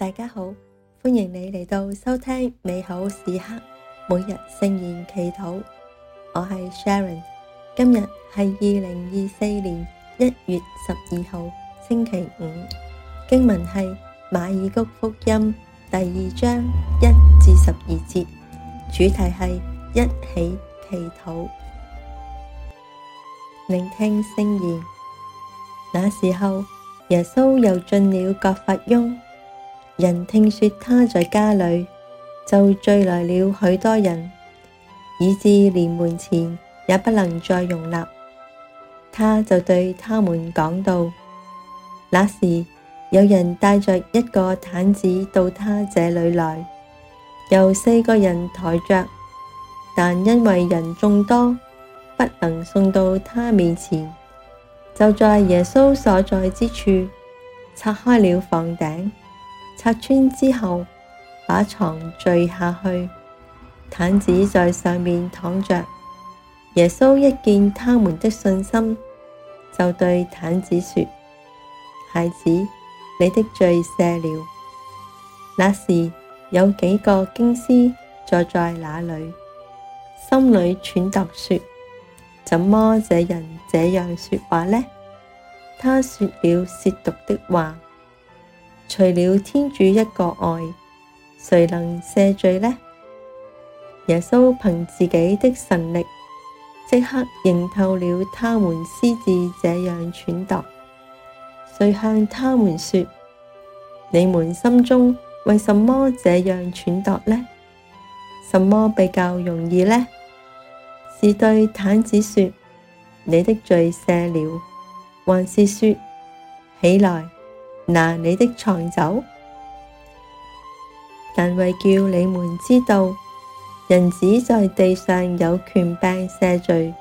大家好，歡迎你嚟到收聽美好時刻，每日聖言祈禱。我係 Sharon，今日係二零二四年一月十二號星期五，經文係馬爾谷福音第二章一至十二節，主題係一起祈禱。聆聽聖言。那時候，耶穌又進了葛法翁。人聽說他在家裏，就聚來了許多人，以致連門前也不能再容納。他就對他們講道：那時有人帶着一個癱子到他這裏來，由四個人抬着，但因為人眾多，不能送到他面前，就在耶穌所在之處，拆開了房頂。拆穿之後，把床縋下去，癱子在上面躺着。耶穌一見他們的信心，就對癱子說：孩子，你的罪赦了。那時有幾個經師坐在那裏，心裏忖度說：怎麼這人這樣說話呢？他說了褻瀆的話。除了天主一個外，誰能赦罪呢？耶穌憑自己的神力，即刻認透了他們私自這樣忖度，遂向他們說：你們心中為什麼這樣忖度呢？什麼比較容易呢？是對癱子說你的罪赦了，還是說起來？拿你的床走，但為叫你們知道，人子在地上有權柄赦罪。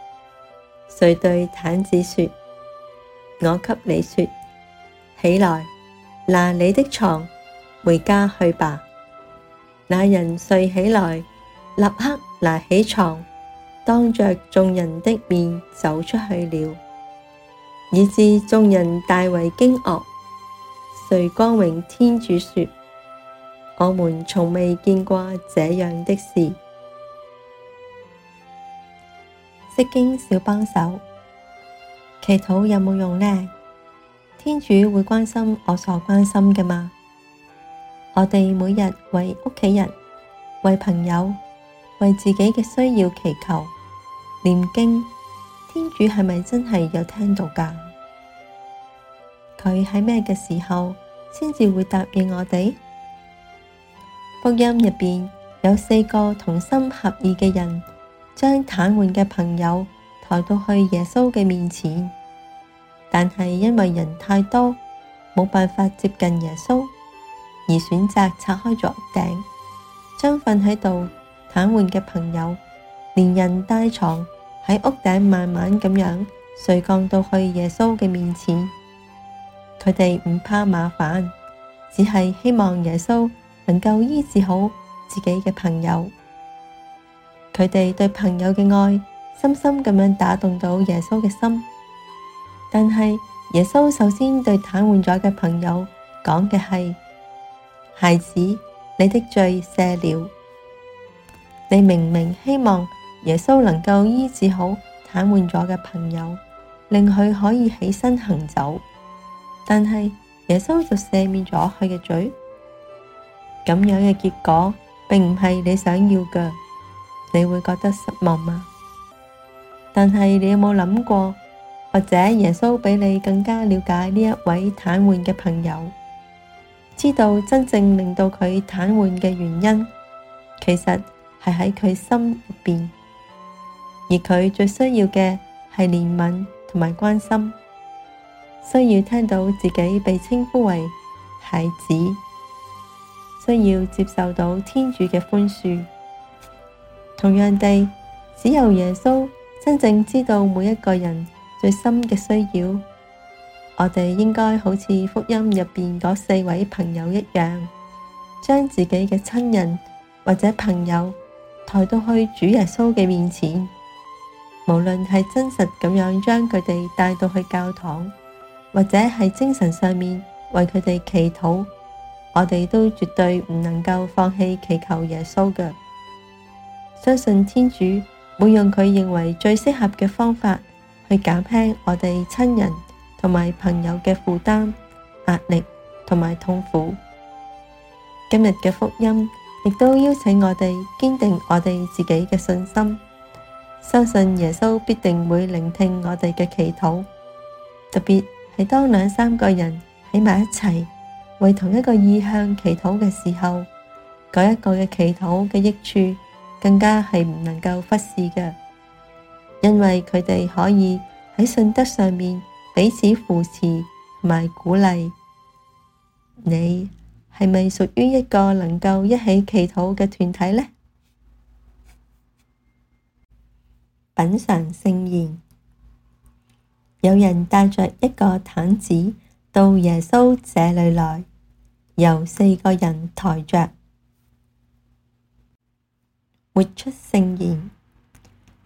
遂對癱子說：我給你說起來，拿你的床，回家去吧。那人遂起來，立刻拿起床，當着眾人的面走出去了，以致眾人大為驚愕。遂光榮天主説：我們從未見過這樣的事。釋經小幫手，祈禱有冇用呢？天主會關心我所關心嘅嗎？我哋每日為屋企人、為朋友、為自己嘅需要祈求念經，天主係咪真係有聽到噶？佢喺咩嘅時候先至會答應我哋？福音入邊有四個同心合意嘅人，將癱瘓嘅朋友抬到去耶穌嘅面前，但係因為人太多，冇辦法接近耶穌，而選擇拆開咗屋頂，將瞓喺度癱瘓嘅朋友連人帶床喺屋頂慢慢咁樣垂降到去耶穌嘅面前。佢哋唔怕麻煩，只係希望耶穌能夠醫治好自己嘅朋友。佢哋對朋友嘅愛深深咁樣打動到耶穌嘅心。但係耶穌首先對癱瘓咗嘅朋友講嘅係：孩子，你的罪赦了。你明明希望耶穌能夠醫治好癱瘓咗嘅朋友，令佢可以起身行走。但係耶穌就赦免咗佢嘅罪，咁樣嘅結果並唔係你想要嘅，你會覺得失望嗎？但係你有冇諗過，或者耶穌比你更加了解呢一位癱瘓嘅朋友，知道真正令到佢癱瘓嘅原因，其實係喺佢心入邊，而佢最需要嘅係憐憫同埋關心。需要聽到自己被稱呼為孩子，需要接受到天主嘅寬恕。同樣地，只有耶穌真正知道每一個人最深嘅需要。我哋應該好似福音入邊嗰四位朋友一樣，將自己嘅親人或者朋友抬到去主耶穌嘅面前，無論係真實咁樣將佢哋帶到去教堂。或者喺精神上面為佢哋祈禱，我哋都絕對唔能夠放棄祈求耶穌嘅。相信天主會用佢認為最適合嘅方法去減輕我哋親人同埋朋友嘅負擔、壓力同埋痛苦。今日嘅福音亦都邀請我哋堅定我哋自己嘅信心，相信耶穌必定會聆聽我哋嘅祈禱，特別，係當兩三個人喺埋一齊為同一個意向祈禱嘅時候，嗰一個嘅祈禱嘅益處更加係唔能夠忽視嘅，因為佢哋可以喺信德上面彼此扶持同埋鼓勵。你係咪屬於一個能夠一起祈禱嘅團體呢？品嚐聖言。有人帶着一個癱子到耶穌這裡來，由四個人抬着。活出聖言。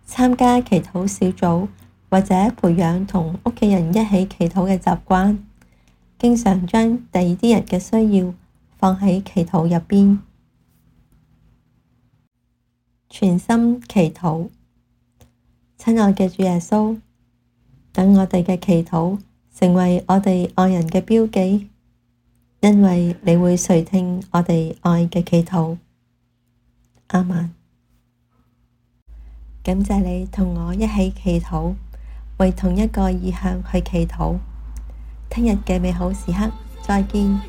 參加祈禱小組，或者培養同屋企人一起祈禱嘅習慣，經常將第二啲人嘅需要放喺祈禱入邊。全心祈禱。親愛嘅主耶穌。等我哋嘅祈禱成為我哋愛人嘅標記，因為你會垂聽我哋愛嘅祈禱。阿曼，感謝你同我一起祈禱，為同一個意向去祈禱。聽日嘅美好時刻，再見。